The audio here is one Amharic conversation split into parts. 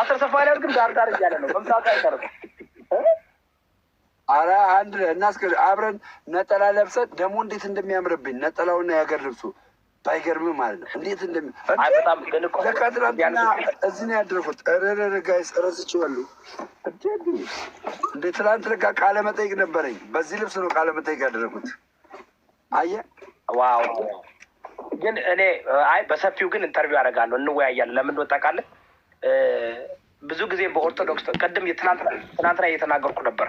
አስር ሰፋ ሊያደርግም ዳርዳር እያለ ነው መምጣቱ አይቀርም። አረ አንድ እናስ አብረን ነጠላ ለብሰን ደግሞ እንዴት እንደሚያምርብኝ ነጠላውና የሀገር ልብሱ ባይገርም ማለት ነው። እንዴት እንደሚ ለካ እዚህ ነው ያደረኩት። ረረረ ጋይስ ረስችዋሉ እንደ ትላንት ለካ ቃለ መጠይቅ ነበረኝ። በዚህ ልብስ ነው ቃለ መጠይቅ ያደረኩት። አየ ዋው! ግን እኔ አይ በሰፊው ግን ኢንተርቪው አደርጋለሁ፣ እንወያያለን። ለምን ወጣቃለን ብዙ ጊዜ በኦርቶዶክስ ቀደም ትናንትና እየተናገርኩ ነበር።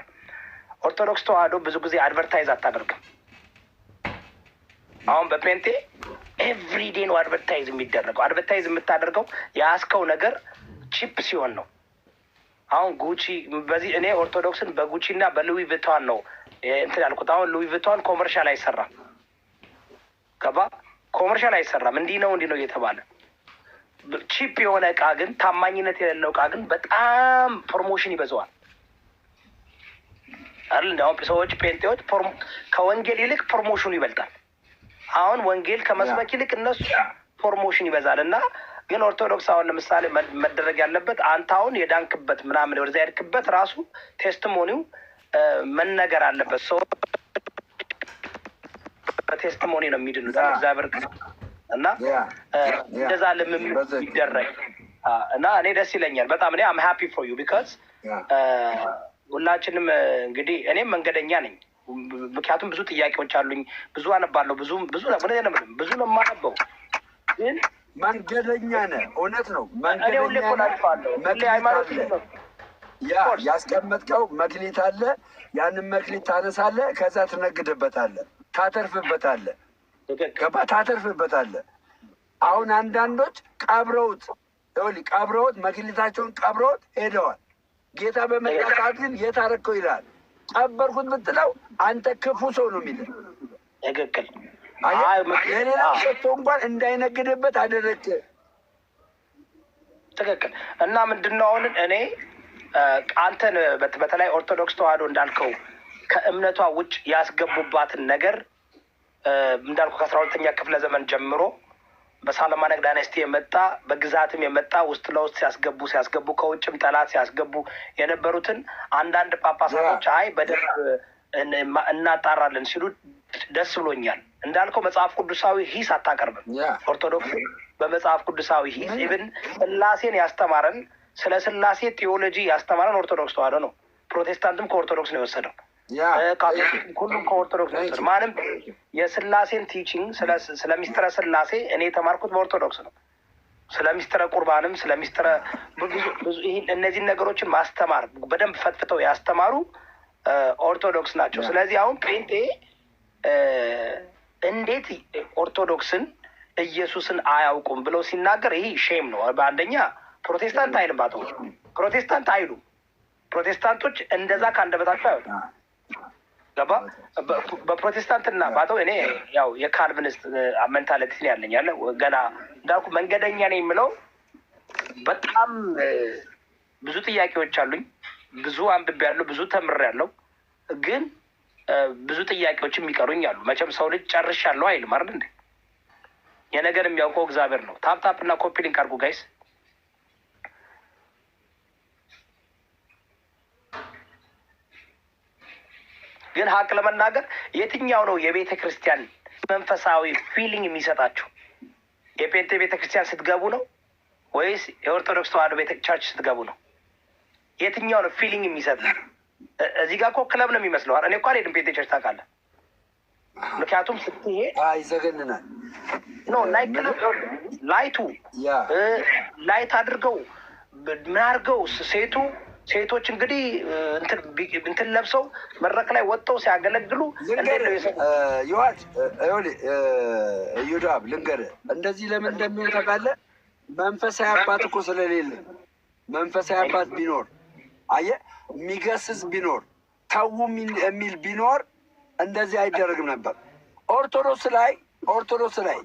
ኦርቶዶክስ ተዋህዶ ብዙ ጊዜ አድቨርታይዝ አታደርግም። አሁን በፔንቴ ኤቭሪዴ ነው አድቨርታይዝ የሚደረገው። አድቨርታይዝ የምታደርገው የያዝከው ነገር ቺፕ ሲሆን ነው። አሁን ጉቺ በዚህ እኔ ኦርቶዶክስን በጉቺ እና በሉዊ ቪቷን ነው እንትን ያልኩት። አሁን ሉዊ ቪቷን ኮመርሻል አይሰራም፣ ገባ ኮመርሻል አይሰራም። እንዲህ ነው እንዲህ ነው እየተባለ ቺፕ የሆነ እቃ ግን ታማኝነት የሌለው እቃ ግን በጣም ፕሮሞሽን ይበዛዋል አይደል? እንዲሁም ሰዎች ጴንጤዎች ከወንጌል ይልቅ ፕሮሞሽኑ ይበልጣል። አሁን ወንጌል ከመስበክ ይልቅ እነሱ ፕሮሞሽን ይበዛል እና ግን ኦርቶዶክስ አሁን ለምሳሌ መደረግ ያለበት አንተ አሁን የዳንክበት ምናምን ወደዚያ የሄድክበት ራሱ ቴስቲሞኒው መነገር አለበት። ሰው በቴስቲሞኒ ነው የሚድኑት እግዚአብሔር እና እንደዛ ልምምድ ይደረግ እና እኔ ደስ ይለኛል በጣም እኔ አም ሃፒ ፎር ዩ ቢካዝ ሁላችንም እንግዲህ እኔም መንገደኛ ነኝ። ምክንያቱም ብዙ ጥያቄዎች አሉኝ፣ ብዙ አነባለሁ፣ ብዙ ብዙ ብዙ ነው የማነበው ግን መንገደኛ ነህ። እውነት ነው። ያ ያስቀመጥከው መክሊት አለ። ያንን መክሊት ታነሳለ ከዛ ትነግድበታለ ታተርፍበታለ ገባ ታተርፍበታለህ። አሁን አንዳንዶች ቀብረውት ቀብረውት መክሊታቸውን ቀብረውት ሄደዋል። ጌታ በመጣ ሰዓት ግን የት አደረግከው ይልሃል። ቀበርኩት ምትለው አንተ ክፉ ሰው ነው የሚል ትክክል። የሌላ ሸቶ እንኳን እንዳይነግድበት አደረግ። ትክክል። እና ምንድን ነው አሁን እኔ አንተን በተለይ ኦርቶዶክስ ተዋህዶ እንዳልከው ከእምነቷ ውጭ ያስገቡባትን ነገር እንዳልኩ ከአስራ ሁለተኛ ክፍለ ዘመን ጀምሮ በሳለማ ነግ የመጣ በግዛትም የመጣ ውስጥ ለውስጥ ሲያስገቡ ሲያስገቡ ከውጭም ጠላት ሲያስገቡ የነበሩትን አንዳንድ ጳጳሳቶች አይ በደንብ እናጣራለን ሲሉ ደስ ብሎኛል። እንዳልከው መጽሐፍ ቅዱሳዊ ሂስ አታቀርብም። ኦርቶዶክስ በመጽሐፍ ቅዱሳዊ ሂስ ኢብን ስላሴን ያስተማረን ስለ ስላሴ ቴዎሎጂ ያስተማረን ኦርቶዶክስ ተዋሕዶ ነው። ፕሮቴስታንትም ከኦርቶዶክስ ነው የወሰደው። ሁሉም ከኦርቶዶክስ ነው። ማንም የስላሴን ቲችንግ ስለ ሚስጥረ ስላሴ እኔ የተማርኩት በኦርቶዶክስ ነው። ስለ ሚስጥረ ቁርባንም ስለ ሚስጥረ እነዚህን ነገሮችን ማስተማር በደንብ ፈትፍተው ያስተማሩ ኦርቶዶክስ ናቸው። ስለዚህ አሁን ጴንጤ እንዴት ኦርቶዶክስን ኢየሱስን አያውቁም ብለው ሲናገር ይህ ሼም ነው። በአንደኛ ፕሮቴስታንት አይልም፣ ፕሮቴስታንት አይሉም። ፕሮቴስታንቶች እንደዛ ከአንደበታቸው አይወጣም። ገባ በፕሮቴስታንትና ባተው እኔ ያው የካልቪኒስት ሜንታሊቲ ነው ያለኝ። ያለ ገና እንዳልኩ መንገደኛ ነው የምለው በጣም ብዙ ጥያቄዎች አሉኝ። ብዙ አንብብ ያለው ብዙ ተምር ያለው ግን ብዙ ጥያቄዎች የሚቀሩኝ አሉ። መቸም ሰው ልጅ ጨርሻለሁ አይልም አይደል እንዴ? የነገር የሚያውቀው እግዚአብሔር ነው። ታፕታፕ እና ኮፒ ሊንክ አድርጉ ጋይስ። ግን ሀቅ ለመናገር የትኛው ነው የቤተ ክርስቲያን መንፈሳዊ ፊሊንግ የሚሰጣችሁ? የጴንጤ ቤተ ክርስቲያን ስትገቡ ነው ወይስ የኦርቶዶክስ ተዋህዶ ቤተ ቸርች ስትገቡ ነው? የትኛው ነው ፊሊንግ የሚሰጥ? እዚህ ጋር እኮ ክለብ ነው የሚመስለው። እኔ እኮ አልሄድም ጴንጤ ቸርች ታውቃለህ። ምክንያቱም ስትሄድ ይዘገንናል። ኖ ክለብ ላይቱ ላይት አድርገው ምን አድርገው ሴቱ ሴቶች እንግዲህ እንትን ለብሰው መድረክ ላይ ወጥተው ሲያገለግሉ ይዋት ዩዳብ ልንገርህ፣ እንደዚህ ለምን እንደሚሆን ታውቃለህ? መንፈሳዊ አባት እኮ ስለሌለ፣ መንፈሳዊ አባት ቢኖር አየህ፣ የሚገስጽ ቢኖር ተዉ የሚል ቢኖር እንደዚህ አይደረግም ነበር። ኦርቶዶክስ ላይ ኦርቶዶክስ ላይ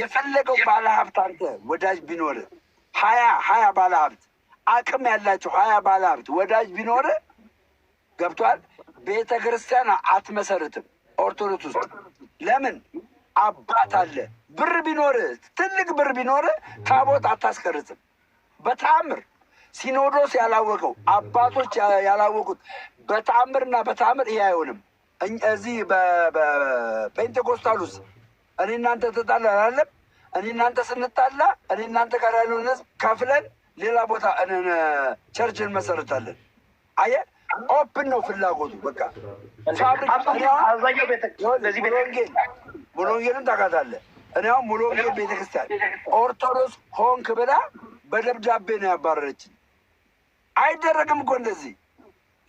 የፈለገው ባለሀብት አንተ ወዳጅ ቢኖር ሀያ ሀያ ባለሀብት አቅም ያላቸው ሀያ ባለሀብት ወዳጅ ቢኖር ገብቷል። ቤተ ክርስቲያን አትመሰርትም ኦርቶዶክስ ውስጥ ለምን? አባት አለ። ብር ቢኖር ትልቅ ብር ቢኖር ታቦት አታስቀርጽም በተአምር ሲኖዶስ ያላወቀው አባቶች ያላወቁት በተአምርና በተአምር ይህ አይሆንም። እዚህ በፔንቴኮስታሉስ እኔ እናንተ ተጣላ አላለም። እኔ እናንተ ስንጣላ እኔ እናንተ ጋር ያለውን ህዝብ ከፍለን ሌላ ቦታ ቸርች እንመሰረታለን። አየ ኦፕን ነው ፍላጎቱ። በቃ ሙሉ ወንጌልን ታውቃታለህ። ሙሉ ወንጌል ቤተክርስቲያን ኦርቶዶክስ ሆንክ ብላ በደብዳቤ ነው ያባረረችን። አይደረግም እኮ እንደዚህ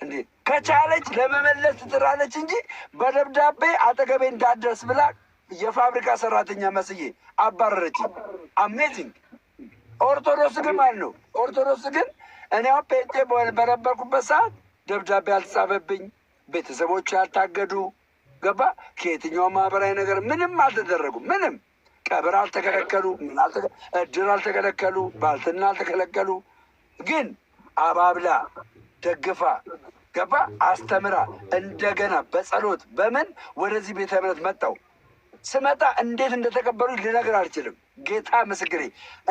እንዴ! ከቻለች ለመመለስ ትጥራለች እንጂ በደብዳቤ አጠገቤ እንዳደርስ ብላ የፋብሪካ ሰራተኛ መስዬ አባረረችን አሜዚንግ ኦርቶዶክስ ግን ማለት ነው። ኦርቶዶክስ ግን እኔ አሁን ጴንጤ በነበርኩበት ሰዓት ደብዳቤ አልተጻፈብኝ፣ ቤተሰቦች ያልታገዱ፣ ገባ ከየትኛው ማህበራዊ ነገር ምንም አልተደረጉ፣ ምንም ቀብር አልተከለከሉ፣ እድር አልተከለከሉ፣ ባልትና አልተከለከሉ። ግን አባብላ ደግፋ ገባ አስተምራ እንደገና በጸሎት በምን ወደዚህ ቤተ እምነት መጣው ስመጣ እንዴት እንደተቀበሉኝ ልነግር አልችልም። ጌታ ምስክሬ፣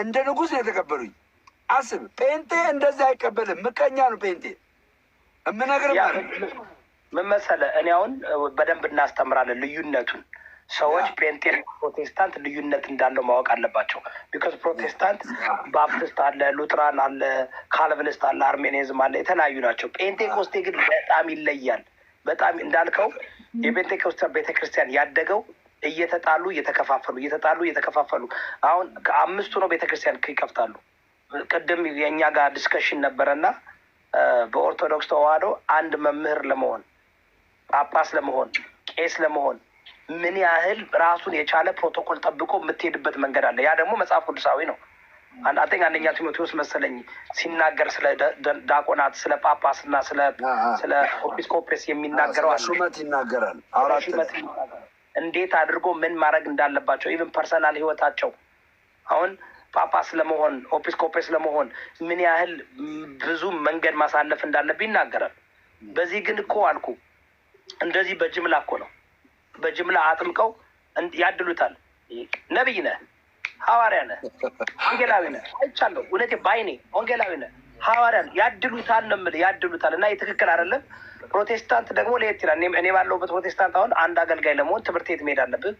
እንደ ንጉሥ የተቀበሉኝ። አስብ፣ ጴንጤ እንደዚህ አይቀበልም። ምቀኛ ነው ጴንጤ። የምነግር ምን መሰለህ፣ እኔ አሁን በደንብ እናስተምራለን ልዩነቱን ሰዎች ፔንቴ ፕሮቴስታንት ልዩነት እንዳለው ማወቅ አለባቸው። ቢካዝ ፕሮቴስታንት ባፕቲስት አለ፣ ሉትራን አለ፣ ካልቪኒስት አለ፣ አርሜኒዝም አለ፣ የተለያዩ ናቸው። ጴንቴኮስቴ ግን በጣም ይለያል። በጣም እንዳልከው የጴንቴኮስተ ቤተክርስቲያን ያደገው እየተጣሉ እየተከፋፈሉ እየተጣሉ እየተከፋፈሉ አሁን ከአምስቱ ነው ቤተክርስቲያን ይከፍታሉ። ቅድም የእኛ ጋር ዲስከሽን ነበረና በኦርቶዶክስ ተዋህዶ አንድ መምህር ለመሆን ጳጳስ ለመሆን ቄስ ለመሆን ምን ያህል ራሱን የቻለ ፕሮቶኮል ጠብቆ የምትሄድበት መንገድ አለ። ያ ደግሞ መጽሐፍ ቅዱሳዊ ነው። አንደኛ አንደኛ ቲሞቴዎስ መሰለኝ ሲናገር ስለ ዳቆናት ስለ ጳጳስና ስለ ስለ ኤጲስቆጶስ የሚናገረው ሹመት ይናገራል። እንዴት አድርጎ ምን ማድረግ እንዳለባቸው ኢቨን ፐርሰናል ህይወታቸው አሁን ጳጳስ ለመሆን ኤጲስቆጶስ ለመሆን ምን ያህል ብዙ መንገድ ማሳለፍ እንዳለብ ይናገራል። በዚህ ግን እኮ አልኩ እንደዚህ በጅምላ እኮ ነው። በጅምላ አጥምቀው ያድሉታል። ነቢይ ነህ፣ ሐዋርያ ነህ፣ ወንጌላዊ ነህ፣ አይቻለሁ። እውነቴ ባይኔ ወንጌላዊ ነህ ሐዋርያን ያድሉታል ነው የምልህ ያድሉታል። እና የትክክል አይደለም። ፕሮቴስታንት ደግሞ ለየት ይላል። እኔ ባለሁበት ፕሮቴስታንት አሁን አንድ አገልጋይ ለመሆን ትምህርት ቤት መሄድ አለብህ።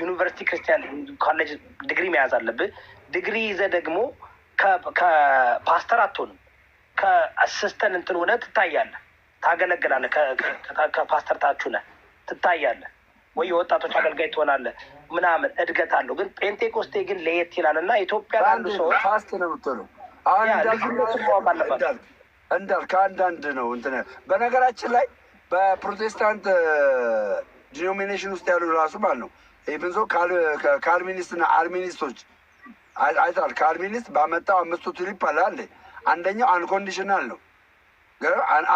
ዩኒቨርሲቲ ክርስቲያን ኮሌጅ ዲግሪ መያዝ አለብህ። ዲግሪ ይዘህ ደግሞ ከፓስተር አትሆንም። ከአስስተን እንትን ሆነህ ትታያለህ፣ ታገለግላለህ። ከፓስተር ታች ሆነህ ትታያለህ ወይ የወጣቶች አገልጋይ ትሆናለህ ምናምን እድገት አለው። ግን ጴንቴኮስቴ ግን ለየት ይላል እና ኢትዮጵያ ላሉ ሰዎች ፋስት ነው የምትሆነው እንዳል ከአንዳንድ ነው እንትን በነገራችን ላይ በፕሮቴስታንት ዲኖሚኔሽን ውስጥ ያሉ ራሱ ማለት ነው ኢብንዞ ካልቪኒስት እና አርሚኒስቶች አይተዋል። ካልቪኒስት ባመጣው አምስቱ ትሪፕ አለ አለ አንደኛው አንኮንዲሽናል ነው።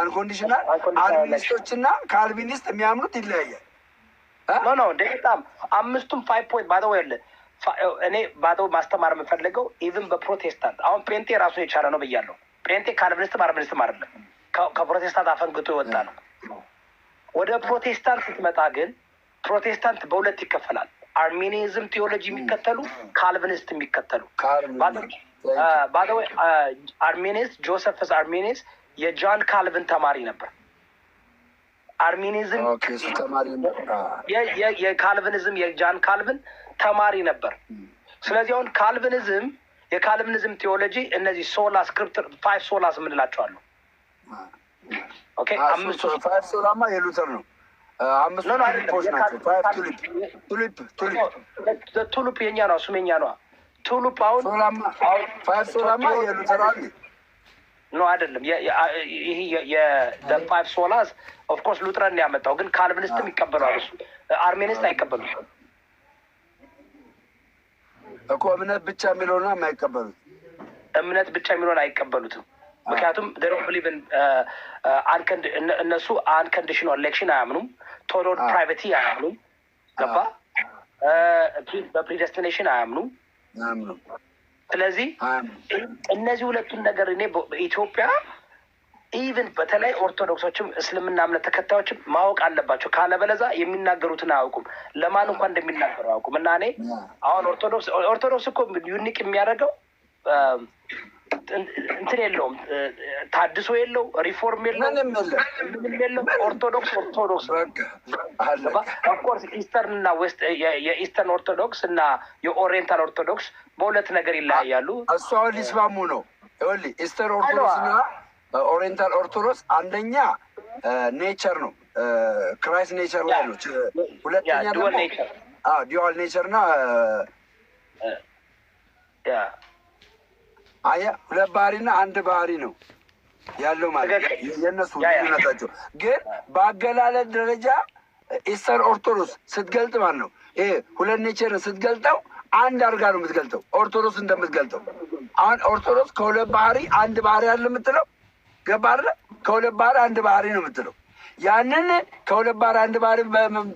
አንኮንዲሽናል አርሚኒስቶች እና ካልቪኒስት የሚያምኑት ይለያያል። ኖ ኖ በጣም አምስቱም ፋይቭ ፖይንት ባለ እኔ ባዶ ማስተማር የምፈልገው ኢቭን በፕሮቴስታንት አሁን ጴንጤ ራሱ የቻለ ነው ብያለሁ። ጴንጤ ካልቪኒስትም አርቪኒስትም አይደለም፣ ከፕሮቴስታንት አፈንግጦ የወጣ ነው። ወደ ፕሮቴስታንት ስትመጣ ግን ፕሮቴስታንት በሁለት ይከፈላል። አርሜኒዝም ቴዎሎጂ የሚከተሉ ካልቪኒስት የሚከተሉ ባደወ አርሜኒስ ጆሰፍስ አርሜኒስ የጃን ካልቪን ተማሪ ነበር። አርሜኒዝም የካልቪኒዝም የጃን ካልቪን ተማሪ ነበር። ስለዚህ አሁን ካልቪኒዝም የካልቪኒዝም ቴዎሎጂ እነዚህ ሶላ ስክሪፕት ፋይቭ ሶላስ የምንላቸዋሉ። ሶላማ የሉተር ነው። ቱሉፕ የኛ ነው። እሱም የኛ ነዋ። ቱሉፕ አሁን አይደለም። ይህ የፋይቭ ሶላስ ኦፍኮርስ ሉትረን ያመጣው ግን ካልቪኒስትም ይቀበሏል። እሱ አርሜኒስት አይቀበሉም። እኮ እምነት ብቻ የሚለውን የማይቀበሉት እምነት ብቻ የሚለውን አይቀበሉትም። ምክንያቱም ብሊቭን uh, uh, እነሱ አንከንዲሽናል ኤሌክሽን አያምኑም። ቶሎን ፕራይቬቲ አያምኑም። ገባ በፕሪደስቲኔሽን አያምኑም። ስለዚህ እነዚህ ሁለቱን ነገር እኔ ኢትዮጵያ ኢቨን በተለይ ኦርቶዶክሶችም እስልምና እምነት ተከታዮችም ማወቅ አለባቸው። ካለበለዛ የሚናገሩትን አያውቁም። ለማን እንኳን እንደሚናገሩ አያውቁም። እና እኔ አሁን ኦርቶዶክስ ኦርቶዶክስ እኮ ዩኒክ የሚያደርገው እንትን የለውም፣ ታድሶ የለው፣ ሪፎርም የለውም፣ የለው። ኦርቶዶክስ ኦርቶዶክስ ኦፍኮርስ ኢስተርን እና ዌስት የኢስተርን ኦርቶዶክስ እና የኦሪየንታል ኦርቶዶክስ በሁለት ነገር ይለያያሉ። እሷ ሊስማሙ ነው ሊ ኢስተርን ኦርቶዶክስ ኦሪንታል ኦርቶዶክስ አንደኛ ኔቸር ነው፣ ክራይስት ኔቸር ላይ ነው። ሁለተኛ ደግሞ ዲዋል ኔቸር ና አየ ሁለት ባህሪ አንድ ባህሪ ነው ያለው ማለት የእነሱ ናቸው። ግን በአገላለጥ ደረጃ ኢስተር ኦርቶዶክስ ስትገልጥ ማለት ነው ይሄ ሁለት ኔቸርን ስትገልጠው አንድ አድርጋ ነው የምትገልጠው ኦርቶዶክስ እንደምትገልጠው። አሁን ኦርቶዶክስ ከሁለት ባህሪ አንድ ባህሪ አለ የምትለው ገባ ከሁለት ባህር አንድ ባህሪ ነው የምትለው። ያንን ከሁለት ባህር አንድ ባህሪ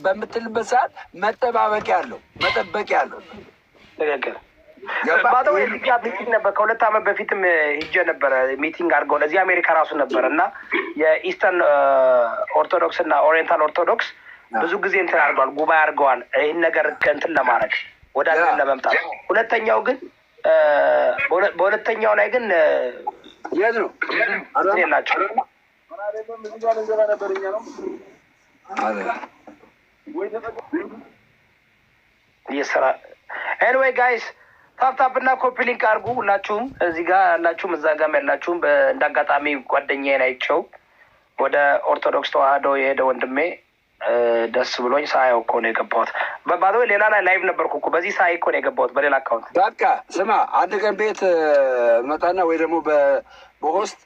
በምትልበት ሰዓት መጠባበቅ ያለው መጠበቅ ያለው ባተው የኢትዮጵያ ሚቲንግ ነበር። ከሁለት ዓመት በፊትም ሂጄ ነበረ ሚቲንግ አድርገው እዚህ አሜሪካ ራሱ ነበረ እና የኢስተርን ኦርቶዶክስ እና ኦሪየንታል ኦርቶዶክስ ብዙ ጊዜ እንትን አድርገዋል፣ ጉባኤ አድርገዋል። ይህን ነገር እንትን ለማድረግ ወደ አንድን ለመምጣት ሁለተኛው ግን በሁለተኛው ላይ ግን የት ነው ናቸው? ጋይስ ታፕታፕ እና ሊንክ አድርጉ። ሁላችሁም እዚህ ጋር ያላችሁም እዛ ጋም ያላችሁም እንደ አጋጣሚ ጓደኛዬን አይቼው ወደ ኦርቶዶክስ ተዋህዶ የሄደ ወንድሜ ደስ ብሎኝ ሳየው እኮ ነው የገባሁት። ባዶ ሌላ ላይ ላይቭ ነበርኩ እኮ በዚህ ሳይ እኮ ነው የገባሁት በሌላ አካውንት። በቃ ስማ፣ አንድ ቀን ቤት መጣና ወይ ደግሞ በሆስት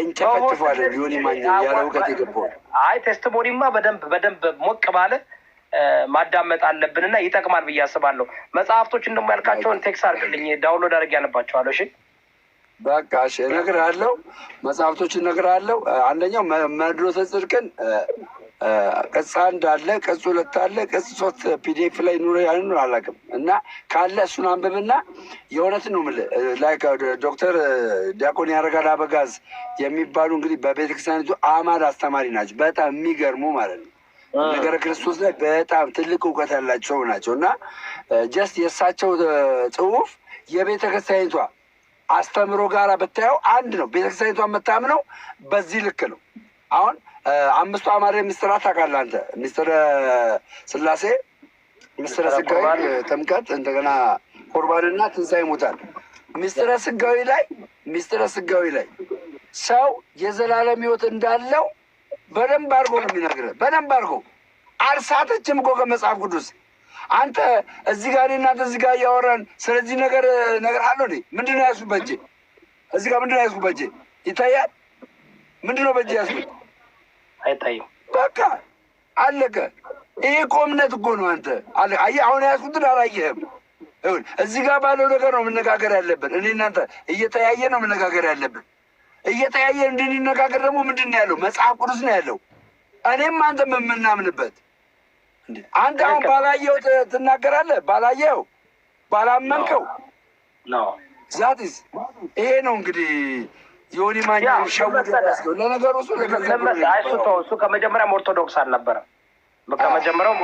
እንጨፈጭፏለ ሊሆን ማኛ ያለ እውቀት የገባሁት። አይ ቴስቲሞኒማ በደንብ በደንብ ሞቅ ባለ ማዳመጥ አለብን እና ይጠቅማል ብዬ አስባለሁ። መጽሐፍቶች እንደሞ ያልካቸውን ቴክስ አድርግልኝ፣ ዳውንሎድ አድርግ ያለባቸዋለሁ። እሺ በቃ እሺ፣ እነግርሃለሁ። መጽሐፍቶችን እነግርሃለሁ። አንደኛው መድሎተ ጽድቅን ቅጽ አንድ አለ፣ ቅጽ ሁለት አለ፣ ቅጽ ሶስት ፒዲኤፍ ላይ ኑሮ ያንን አላውቅም። እና ካለ እሱን አንብብና የእውነትን ነው ምል ዶክተር ዲያቆን ያረጋል አበጋዝ የሚባሉ እንግዲህ በቤተክርስቲያኒቱ አማድ አስተማሪ ናቸው። በጣም የሚገርሙ ማለት ነው ነገረ ክርስቶስ ላይ በጣም ትልቅ እውቀት ያላቸው ናቸው። እና ጀስት የእሳቸው ጽሁፍ የቤተክርስቲያኒቷ አስተምሮ ጋር ብታየው አንድ ነው። ቤተክርስቲያኒቷ የምታምነው በዚህ ልክ ነው። አሁን አምስቱ አማሬ ምስጢር ታውቃለህ አንተ ምስጢረ ስላሴ፣ ምስጢረ ስጋዊ ጥምቀት፣ እንደገና ቁርባንና ትንሳኤ ሙታን። ምስጢረ ስጋዊ ላይ ምስጢረ ስጋዊ ላይ ሰው የዘላለም ህይወት እንዳለው በደንብ አድርጎ ነው የሚነግርህ። በደንብ አድርጎ አልሳተችም እኮ ከመጽሐፍ ቅዱስ አንተ እዚህ ጋር እናንተ እዚህ ጋር እያወራን ስለዚህ ነገር ነገር አለ ኔ ምንድን ነው ያዝኩት በእጄ እዚህ ጋር ምንድነው ነው ያዝኩት በእጄ ይታያል። ምንድነው ነው በእጄ ያዝኩት አይታይም። በቃ አለቀ። ይሄ እኮ እምነት እኮ ነው። አንተ አየህ፣ አሁን ያዝኩትን አላየህም። እዚህ ጋር ባለው ነገር ነው መነጋገር ያለብን። እኔ እናንተ እየተያየ ነው መነጋገር ያለብን። እየተያየ እንድንነጋገር ደግሞ ምንድን ነው ያለው? መጽሐፍ ቅዱስ ነው ያለው። እኔም አንተ የምናምንበት አንተ አሁን ባላየው ትናገራለህ። ባላየው ባላመንከው ዛትስ ይሄ ነው እንግዲህ የሆነ ማኛ ከመጀመሪያም ኦርቶዶክስ አልነበረም። ከመጀመሪያውም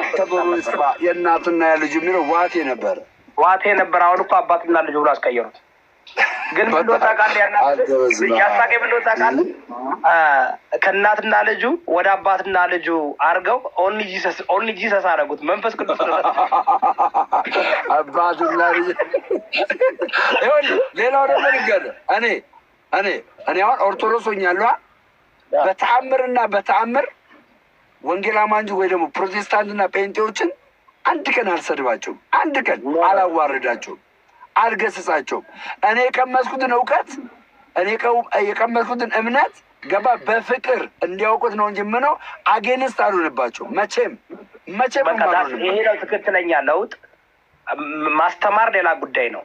የእናትና የልጁ የሚለው ዋቴ ነበር፣ ዋቴ ነበር። አሁን እኮ አባትና ልጁ ብሎ አስቀየሩት። ግን ምን እንደወጣ ቃል ያሳቀ ምን እንደወጣ ቃል ከእናትና ልጁ ወደ አባትና ልጁ አድርገው ኦንሊ ጂሰስ አደረጉት። መንፈስ ቅዱስ አባትና ልጁ ሌላው ደግሞ ንገር እኔ እኔ እኔ አሁን ኦርቶዶክስ ሆኛለሁ። በተአምርና በተአምር ወንጌል አማንጅ ወይ ደግሞ ፕሮቴስታንትና ጴንጤዎችን አንድ ቀን አልሰድባቸውም፣ አንድ ቀን አላዋርዳቸውም፣ አልገስጻቸውም። እኔ የቀመስኩትን እውቀት እኔ የቀመስኩትን እምነት ገባ በፍቅር እንዲያውቁት ነው እንጂ ምነው አጌንስት አልሆንባቸው መቼም መቼም። ይሄ ነው ትክክለኛ ለውጥ። ማስተማር ሌላ ጉዳይ ነው።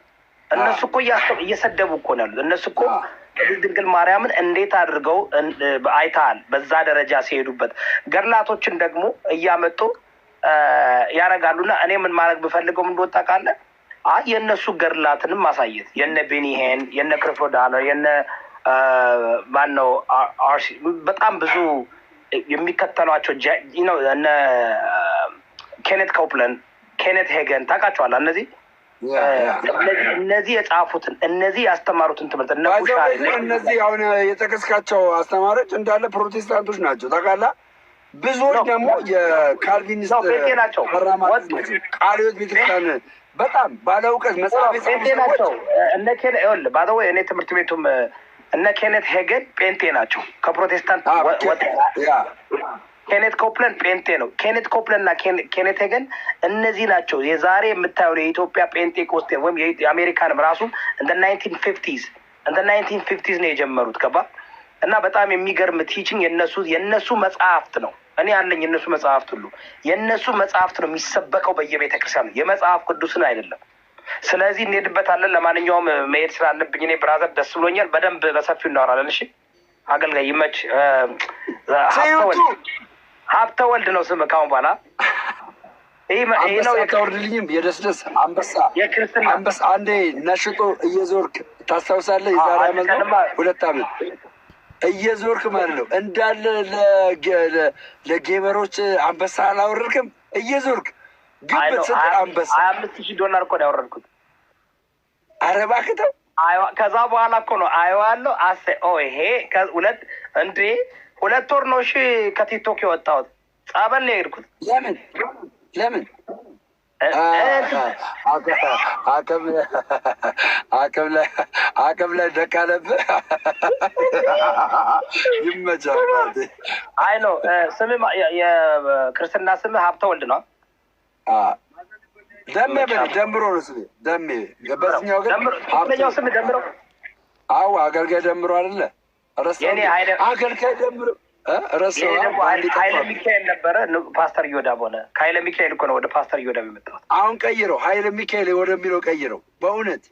እነሱ እኮ እየሰደቡ እኮ ነው ያሉት እነሱ እኮ ድንግል ማርያምን እንዴት አድርገው አይተሃል። በዛ ደረጃ ሲሄዱበት ገድላቶችን ደግሞ እያመጡ ያደርጋሉና እኔ ምን ማድረግ ብፈልገው እንደወጣ ካለ የእነሱ ገድላትንም ማሳየት የነ ቤኒሄን የነ ክርፎዳለር የነ ማነው አርሲ በጣም ብዙ የሚከተሏቸው እነ ኬኔት ኮፕለን ኬኔት ሄገን ታውቃቸዋለህ እነዚህ እነዚህ የጻፉትን እነዚህ ያስተማሩትን ትምህርት እነዚህ አሁን የጠቀስካቸው አስተማሪዎች እንዳለ ፕሮቴስታንቶች ናቸው ታውቃለህ። ብዙዎች ደግሞ የካልቪኒስት ናቸው። ቃለ ቤተክርስቲያን በጣም ባለ እውቀት መጽሐፍ ናቸው። እነ ባለ እኔ ትምህርት ቤቱም እነ ኬኔት ሄገን ጴንጤ ናቸው ከፕሮቴስታንት ኬኔት ኮፕለን ጴንጤ ነው። ኬኔት ኮፕለን እና ኬኔት ሄገን እነዚህ ናቸው የዛሬ የምታየው የኢትዮጵያ ኮስቴ ወይም የአሜሪካንም ራሱ እንደ ናይንቲን ፊፍቲዝ እንደ ናይንቲን ፊፍቲዝ ነው የጀመሩት ገባ እና በጣም የሚገርም ቲችንግ የነሱ የነሱ መጽሐፍት ነው። እኔ አለኝ የነሱ መጽሐፍት ሁሉ የነሱ መጽሐፍት ነው የሚሰበከው በየቤተ ክርስቲያኑ የመጽሐፍ ቅዱስን አይደለም። ስለዚህ እንሄድበታለን። ለማንኛውም መሄድ ስላለብኝ እኔ ብራዘር ደስ ብሎኛል። በደንብ በሰፊው እናወራለን። እሺ አገልጋይ ይመች ሀብተ ወልድ ነው ስም ካሁን በኋላ ይህነውልኝም የደስደስ አንበሳ አንበሳ አንዴ ነሽጦ እየዞርክ ታስታውሳለህ? የዛሬ ዓመት ነው ሁለት አመት እየዞርክ ማለት ነው እንዳለ ለጌመሮች አንበሳ አላወረድክም? እየዞርክ ግብት ስጥ አንበሳ ሀያ አምስት ሺህ ዶላር እኮ ነው ያወረድኩት። ኧረ እባክህ ተው። ከዛ በኋላ እኮ ነው አየዋለሁ አሰ ይሄ ሁለት እንዴ ሁለት ወር ነው እሺ ከቲክቶክ የወጣሁት። ጸበል ነው የሄድኩት። ለምን ለምን አቅም ላይ ደቃለብህ? ይመቻል። አይ ነው ስም የክርስትና ስም ሀብተ ወልድ ነው። ደሜ ብ ደምሮ ነው ስ ደሜ። በስኛው ግን ስም ደምሮ። አዎ አገልጋይ ደምሮ አይደለ አገልጋይ ደምር ኃይለ ሚካኤል ነበረ። ፓስተር እዮዳብ ሆነ። ሚካኤል እኮ ነው ወደ ፓስተር የመጣሁት። አሁን ቀይረው ኃይለ ሚካኤል ወደሚለው ቀይረው። በእውነት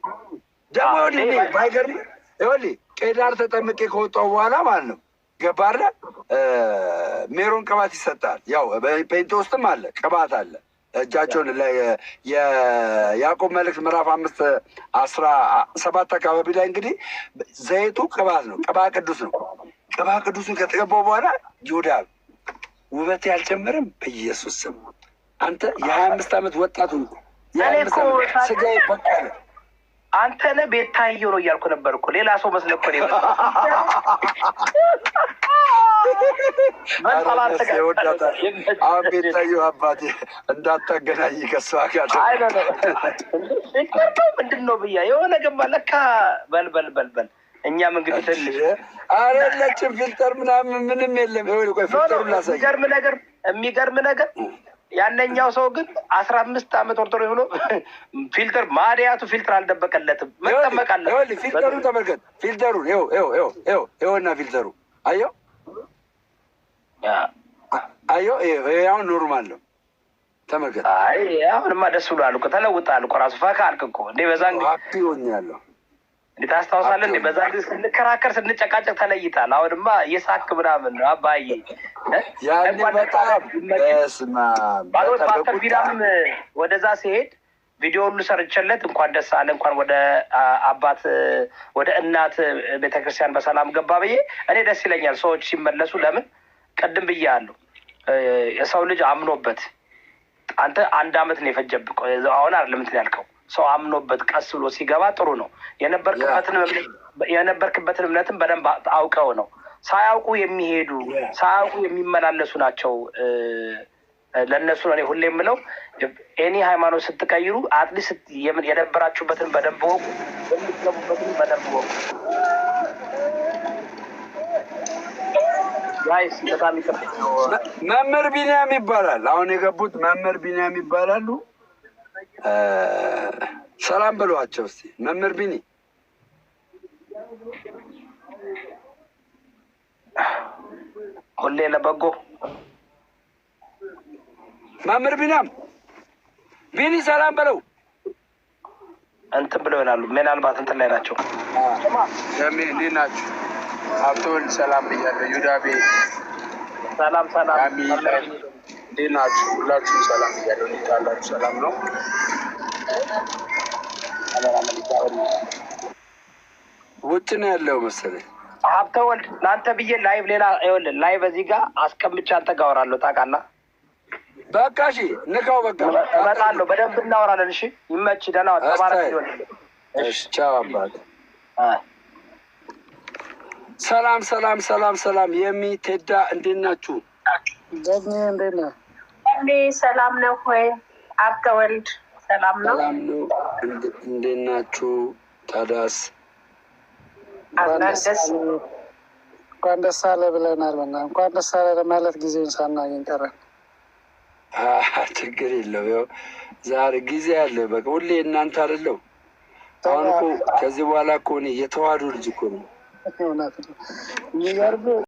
ደግሞ ባይገርም ይኸውልህ ቄዳር ተጠምቄ ከወጣሁ በኋላ ማለት ነው ገባረ ሜሮን ቅባት ይሰጣል። ያው ፔንቴ ውስጥም አለ ቅባት አለ እጃቸውን የያዕቆብ መልእክት ምዕራፍ አምስት አስራ ሰባት አካባቢ ላይ እንግዲህ ዘይቱ ቅባት ነው፣ ቅባ ቅዱስ ነው። ቅባ ቅዱስን ከተገባው በኋላ ይሁዳ ውበት ያልጨምርም በኢየሱስ ስም አንተ የሀያ አምስት ዓመት ወጣቱ ስጋ ይበቃለ አንተ ነህ ቤታዬ ነው እያልኩ ነበር እኮ ሌላ ሰው መስለህ እኮ ነው አባቴ እንዳታገናኝ ከሷ ጋር ምንድን ነው ብያ የሆነ ገባ ለካ በልበል በልበል እኛም እንግዲህ ትንሽ ኧረ ፊልተር ምናምን ምንም የለም። ይኸውልህ የሚገርም ነገር የሚገርም ነገር ያነኛው ሰው ግን አስራ አምስት ዓመት ኦርቶዶክስ ሆኖ ፊልተር ማዲያቱ ፊልተር አልደበቀለትም። መጠመቃለ ፊልተሩ ተመልከት። ፊልተሩ ይኸውና ፊልተሩ አየው አየው። አሁን ኖርማል ነው። ተመልከት። አሁንማ ደስ ብሎ አልኩ። ተለውጣ አልኩ። ራሱ ፈካ አልክ እኮ እንዴ በዛ ሆኛለሁ ታስታውሳለህ? እንደ በዛ ጊዜ ስንከራከር ስንጨቃጨቅ ተለይታል። አሁንማ የሳክ ምናምን ነው አባዬ። ያኔ ፓስተር ቢራም ወደዛ ሲሄድ ቪዲዮ ሁሉ ሰርቼለት እንኳን ደስ አለ እንኳን ወደ አባት ወደ እናት ቤተክርስቲያን በሰላም ገባ ብዬ እኔ ደስ ይለኛል። ሰዎች ሲመለሱ ለምን ቅድም ብዬ አለው የሰው ልጅ አምኖበት አንተ አንድ አመት ነው የፈጀብህ። አሁን አይደለም እንትን ያልከው ሰው አምኖበት ቀስ ብሎ ሲገባ ጥሩ ነው። የነበርክበትን እምነትን በደንብ አውቀው ነው። ሳያውቁ የሚሄዱ ሳያውቁ የሚመላለሱ ናቸው። ለእነሱ ነው ሁሌ የምለው ኤኒ ሃይማኖት ስትቀይሩ አትሊስት የነበራችሁበትን በደንብ ወቁ፣ የምትገቡበትን በደንብ ወቁ። መምህር ቢኒያም ይባላል። አሁን የገቡት መምህር ቢኒያም ይባላሉ። ሰላም ብሏቸው እስቲ መምህር ቢኒ ሁሌ ለበጎ መምህር ቢናም ቢኒ ሰላም ብለው እንትን ብለው ይላሉ። ምናልባት እንትን ላይ ናቸው። እንዴት ናችሁ? ሀብቶል ሰላም ብያለሁ። ዩዳቤ ሰላም ሰላም። እንዴት ናችሁ? ሁላችሁም ሰላም ብያለሁ። ሰላም ነው ውጭ ነው ያለው መሰለኝ። ሀብተ ወልድ ለአንተ ብዬ ላይቭ ሌላ ይኸውልህ፣ ላይቭ እዚህ ጋር አስቀምጬ አንተ ጋር አወራለሁ። ታውቃለህ። በቃ እሺ፣ ንካው። በቃ እመጣለሁ፣ በደንብ እናወራለን። እሺ፣ ይመች። ደህና ተባረክ። እሺ፣ ቻው አባት። ሰላም፣ ሰላም፣ ሰላም፣ ሰላም። የሚ ቴዳ እንዴት ናችሁ? ሰላም ነው ወይ ሀብተ ወልድ? ሰላም ነው። እንዴት ናችሁ? ታዳስ እንኳን ደስ አለ ብለናል። ና እንኳን ደስ አለ ለማለት ጊዜውን ሳናገኝ ቀረን። ችግር የለው ያው ዛሬ ጊዜ አለ። በቃ ሁሌ እናንተ አደለው። አሁን ከዚህ በኋላ ከሆነ እኔ የተዋህዶ ልጅ እኮ ነው።